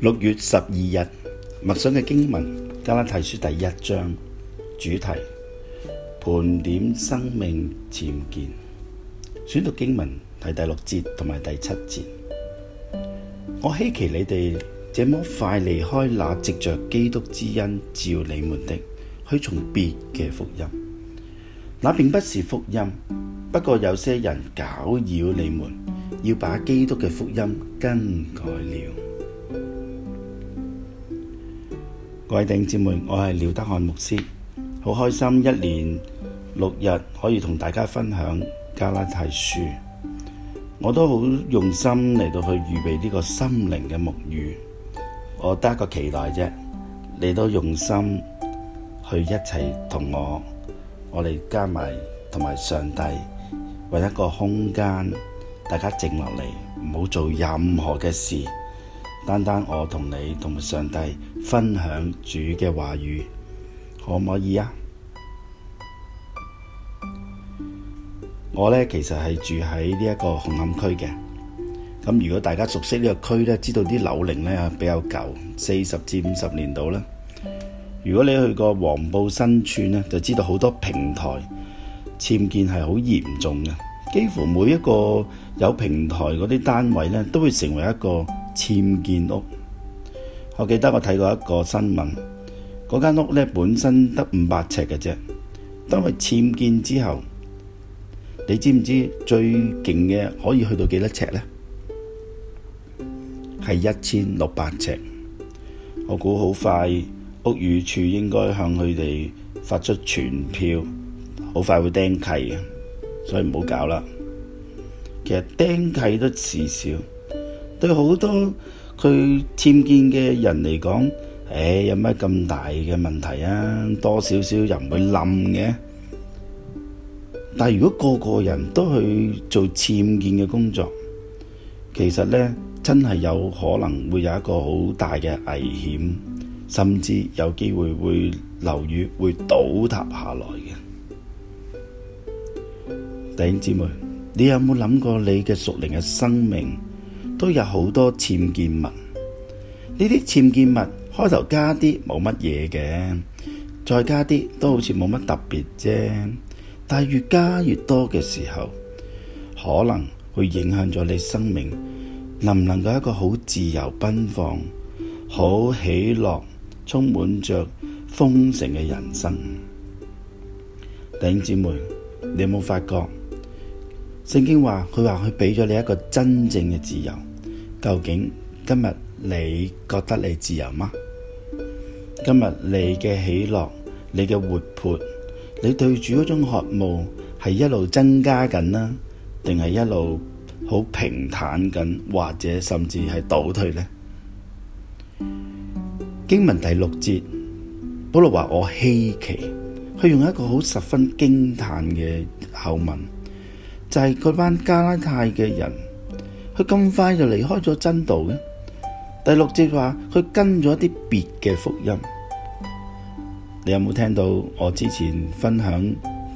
六月十二日默想嘅經文《加拉太書》第一章，主題盤點生命僭建。選讀經文睇第六節同埋第七節。我希奇你哋這麼快離開那藉着基督之恩照你們的，去從別嘅福音。那並不是福音，不過有些人攪擾你們，要把基督嘅福音更改了。各位弟兄姊妹，我係廖德漢牧師，好開心一連六日可以同大家分享加拉太書，我都好用心嚟到去預備呢個心靈嘅牧語，我得一個期待啫，你都用心去一齊同我，我哋加埋同埋上帝，搵一個空間，大家靜落嚟，唔好做任何嘅事。單單我同你同上帝分享主嘅話語，可唔可以啊？我呢其實係住喺呢一個紅磡區嘅。咁如果大家熟悉呢個區呢，知道啲樓齡呢比較舊，四十至五十年度啦。如果你去過黃埔新村呢，就知道好多平台僭建係好嚴重嘅，幾乎每一個有平台嗰啲單位呢，都會成為一個僭建屋，我記得我睇過一個新聞，嗰間屋咧本身得五百尺嘅啫，當佢僭建之後，你知唔知最勁嘅可以去到幾多尺呢？係一千六百尺。我估好快屋宇署應該向佢哋發出傳票，好快會釘契啊！所以唔好搞啦。其實釘契都遲少。對好多佢僭建嘅人嚟講，誒，有乜咁大嘅問題啊？多少少又唔會冧嘅。但係如果個個人都去做僭建嘅工作，其實咧真係有可能會有一個好大嘅危險，甚至有機會會樓宇會倒塌下來嘅。弟兄姊妹，你有冇諗過你嘅屬靈嘅生命？都有好多僭建物，呢啲僭建物開頭加啲冇乜嘢嘅，再加啲都好似冇乜特別啫，但係越加越多嘅時候，可能會影響咗你生命，能唔能夠一個好自由奔放、好喜樂、充滿着豐盛嘅人生？弟兄姊妹，你有冇發覺？聖經話佢話佢俾咗你一個真正嘅自由。究竟今日你覺得你自由嗎？今日你嘅喜樂，你嘅活潑，你對住嗰種渴慕，係一路增加緊啦，定係一路好平坦緊，或者甚至係倒退呢？經文第六節，保羅話我稀奇，佢用一個好十分驚嘆嘅口吻，就係嗰班加拉太嘅人。佢咁快就離開咗真道嘅。第六節話佢跟咗啲別嘅福音，你有冇聽到我之前分享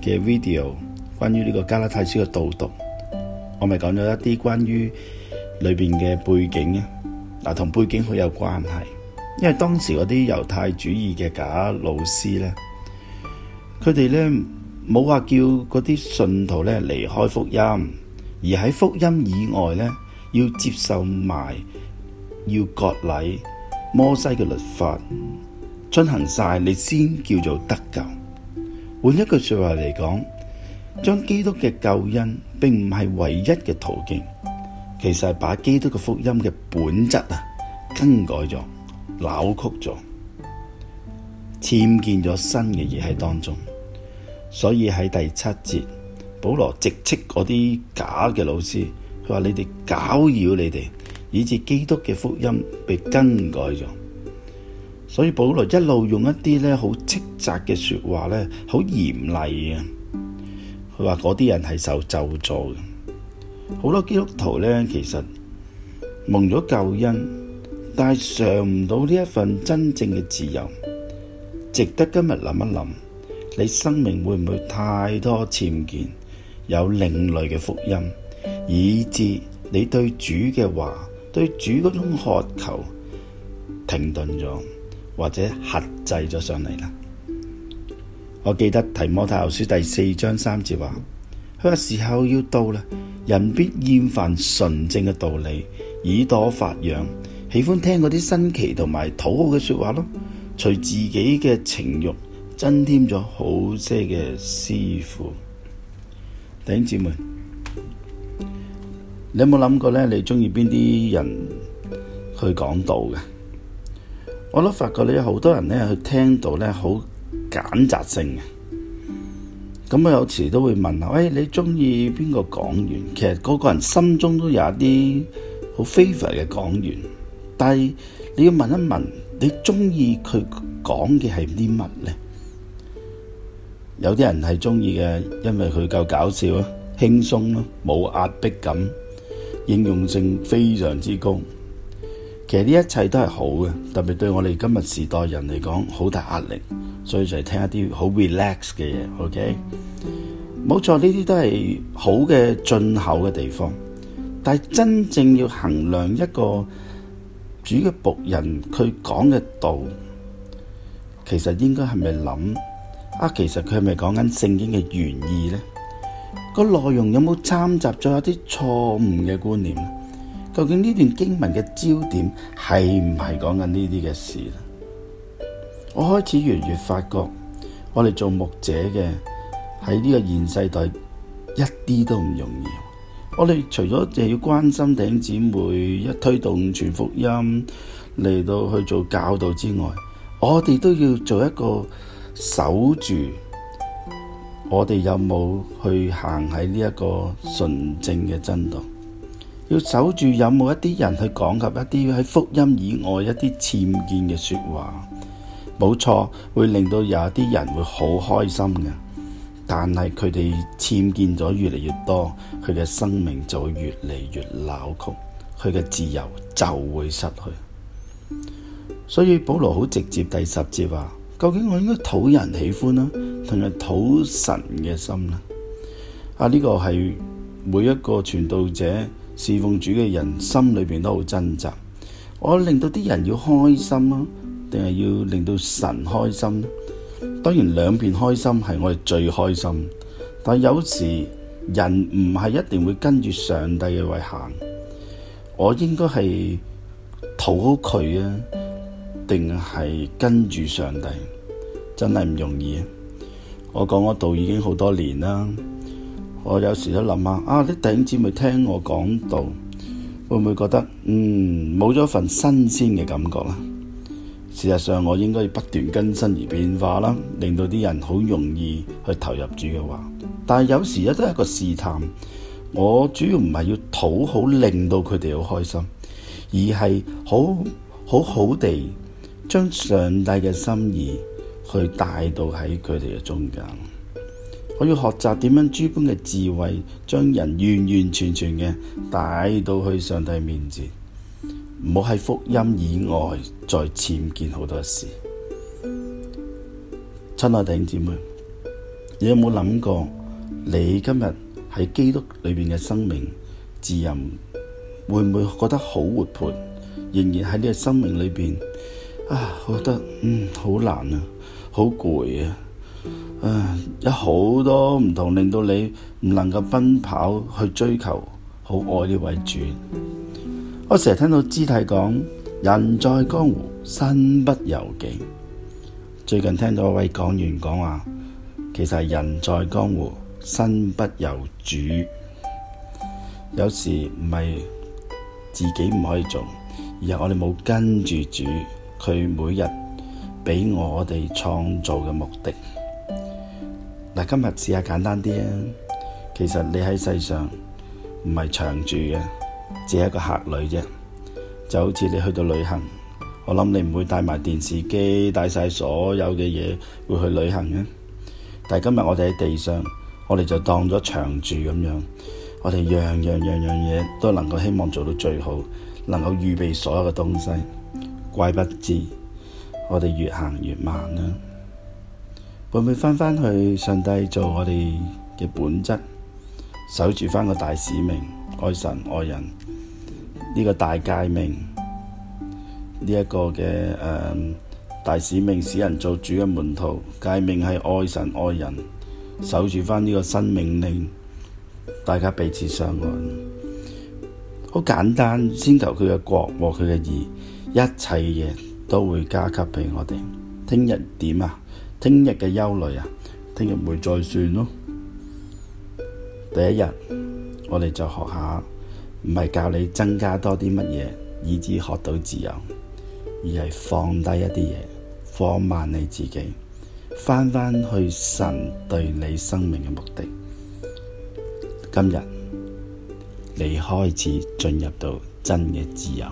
嘅 video 關於呢個加拉太書嘅導讀？我咪講咗一啲關於裏邊嘅背景嘅嗱，同、啊、背景好有關係，因為當時嗰啲猶太主義嘅假老師咧，佢哋咧冇話叫嗰啲信徒咧離開福音，而喺福音以外咧。要接受埋要割禮摩西嘅律法，進行晒你先叫做得救。換一句話說話嚟講，將基督嘅救恩並唔係唯一嘅途徑，其實係把基督嘅福音嘅本質啊更改咗、扭曲咗、僭建咗新嘅嘢喺當中。所以喺第七節，保羅直斥嗰啲假嘅老師。佢話你哋搞擾你哋，以致基督嘅福音被更改咗。所以保羅一路用一啲咧好斥責嘅說話咧，好嚴厲啊。佢話嗰啲人係受咒詛嘅，好多基督徒咧，其實蒙咗救恩，但係嘗唔到呢一份真正嘅自由。值得今日諗一諗，你生命會唔會太多僭建，有另類嘅福音？以致你對主嘅話，對主嗰種渴求停頓咗，或者克制咗上嚟啦。我記得提摩太後書第四章三節話，佢話時候要到啦，人必厭煩純正嘅道理，耳朵發癢，喜歡聽嗰啲新奇同埋討好嘅說話咯，隨自己嘅情欲增添咗好些嘅師傅。弟兄姐妹。你有冇諗過咧？你中意邊啲人去講道嘅？我都發覺你有好多人咧，去聽道咧，好揀擇性嘅。咁我有時都會問下，喂，你中意邊個講員？其實嗰個人心中都有一啲好 favor 嘅講員，但係你要問一問，你中意佢講嘅係啲乜呢？有啲人係中意嘅，因為佢夠搞笑咯，輕鬆咯，冇壓迫感。應用性非常之高，其實呢一切都係好嘅，特別對我哋今日時代人嚟講，好大壓力，所以就係聽一啲、okay? 好 relax 嘅嘢，OK？冇錯，呢啲都係好嘅進口嘅地方，但係真正要衡量一個主嘅仆人，佢講嘅道，其實應該係咪諗啊？其實佢係咪講緊聖經嘅原意呢？個內容有冇摻雜咗一啲錯誤嘅觀念？究竟呢段經文嘅焦點係唔係講緊呢啲嘅事咧？我開始越嚟越發覺，我哋做牧者嘅喺呢個現世代一啲都唔容易。我哋除咗就要關心弟兄姊妹，一推動傳福音嚟到去做教導之外，我哋都要做一個守住。我哋有冇去行喺呢一個純正嘅真道？要守住，有冇一啲人去講及一啲喺福音以外一啲僭建嘅說話？冇錯，會令到有啲人會好開心嘅，但係佢哋僭建咗越嚟越多，佢嘅生命就會越嚟越扭曲，佢嘅自由就會失去。所以保羅好直接，第十節話。究竟我應該討人喜歡啦、啊，定係討神嘅心啦、啊？啊，呢、這個係每一個傳道者侍奉主嘅人心裏邊都好掙扎。我令到啲人要開心啦、啊，定係要令到神開心？當然兩邊開心係我哋最開心，但有時人唔係一定會跟住上帝嘅位行。我應該係討好佢啊？定係跟住上帝，真係唔容易啊！我講嗰道已經好多年啦，我有時都諗下啊，啲弟兄姊妹聽我講道，會唔會覺得嗯冇咗份新鮮嘅感覺啦？事實上，我應該要不斷更新而變化啦，令到啲人好容易去投入主嘅話。但係有時亦都係一個試探，我主要唔係要討好令到佢哋好開心，而係好好好地。將上帝嘅心意去帶到喺佢哋嘅中間，我要學習點樣諸般嘅智慧，將人完完全全嘅帶到去上帝面前，唔好喺福音以外再僭建好多事。親愛弟兄姊妹，你有冇諗過你今日喺基督裏面嘅生命，自由會唔會覺得好活潑，仍然喺你嘅生命裏面。啊，我覺得嗯好難啊，好攰啊，啊有好多唔同令到你唔能夠奔跑去追求好愛呢位主。我成日聽到肢體講人在江湖身不由己。最近聽到一位講員講話，其實係人在江湖身不由主。有時唔係自己唔可以做，而係我哋冇跟住主。佢每日俾我哋創造嘅目的。嗱，今日試下簡單啲啊！其實你喺世上唔係長住嘅，只係一個客旅啫。就好似你去到旅行，我諗你唔會帶埋電視機，帶晒所有嘅嘢會去旅行嘅。但係今日我哋喺地上，我哋就當咗長住咁樣，我哋樣樣樣樣嘢都能夠希望做到最好，能夠預備所有嘅東西。怪不知，我哋越行越慢啦、啊。會唔會翻返去上帝做我哋嘅本質，守住翻個大使命，愛神愛人呢、這個大誡命？呢、這、一個嘅誒、呃、大使命，使人做主嘅門徒，誡命係愛神愛人，守住翻呢個新命令，大家彼此相愛，好簡單，先求佢嘅國和佢嘅義。一切嘢都會加給俾我哋。聽日點啊？聽日嘅憂慮啊，聽日會再算咯。第一日，我哋就學下，唔係教你增加多啲乜嘢，以至學到自由，而係放低一啲嘢，放慢你自己，翻翻去神對你生命嘅目的。今日你開始進入到真嘅自由。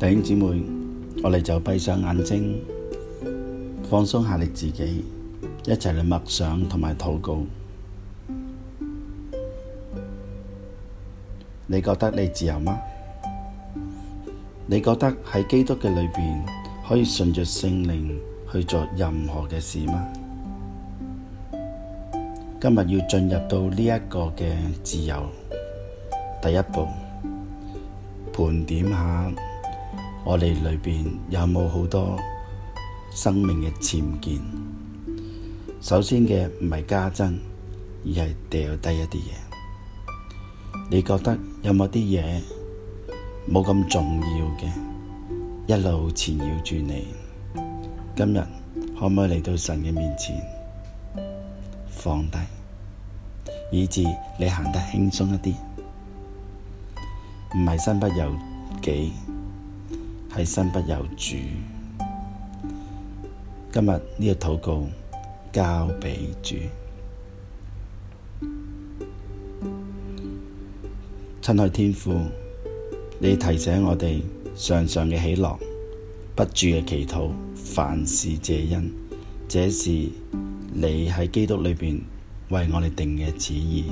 弟兄姊妹，我哋就閉上眼睛，放鬆下你自己，一齊嚟默想同埋禱告。你覺得你自由嗎？你覺得喺基督嘅裏邊可以順着聖靈去做任何嘅事嗎？今日要進入到呢一個嘅自由，第一步盤點下。我哋裏邊有冇好多生命嘅僭建？首先嘅唔係加增，而係掉低一啲嘢。你覺得有冇啲嘢冇咁重要嘅一路纏繞住你？今日可唔可以嚟到神嘅面前放低，以至你行得輕鬆一啲，唔係身不由己。係身不由主。今日呢個禱告交俾主。親愛天父，你提醒我哋常常嘅喜樂，不住嘅祈禱，凡事謝恩。這是你喺基督裏邊為我哋定嘅旨意。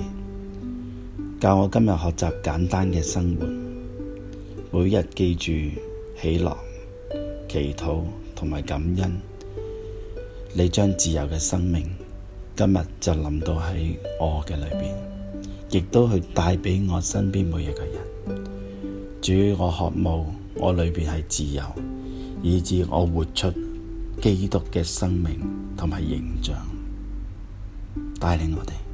教我今日學習簡單嘅生活，每日記住。喜樂、祈禱同埋感恩，你將自由嘅生命，今日就臨到喺我嘅裏邊，亦都去帶畀我身邊每一個人。主我，我渴望我裏邊係自由，以致我活出基督嘅生命同埋形象，帶領我哋。